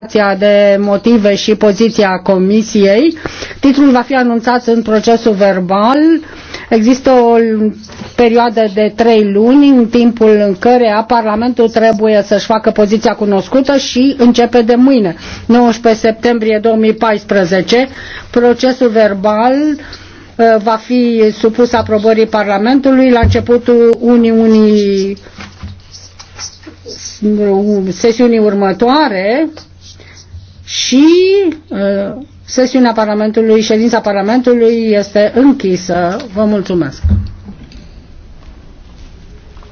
declarația de motive și poziția comisiei. Titlul va fi anunțat în procesul verbal. Există o perioadă de trei luni în timpul în care Parlamentul trebuie să-și facă poziția cunoscută și începe de mâine, 19 septembrie 2014. Procesul verbal uh, va fi supus aprobării Parlamentului la începutul unii sesiunii următoare și uh, sesiunea Parlamentului, ședința Parlamentului este închisă. Vă mulțumesc!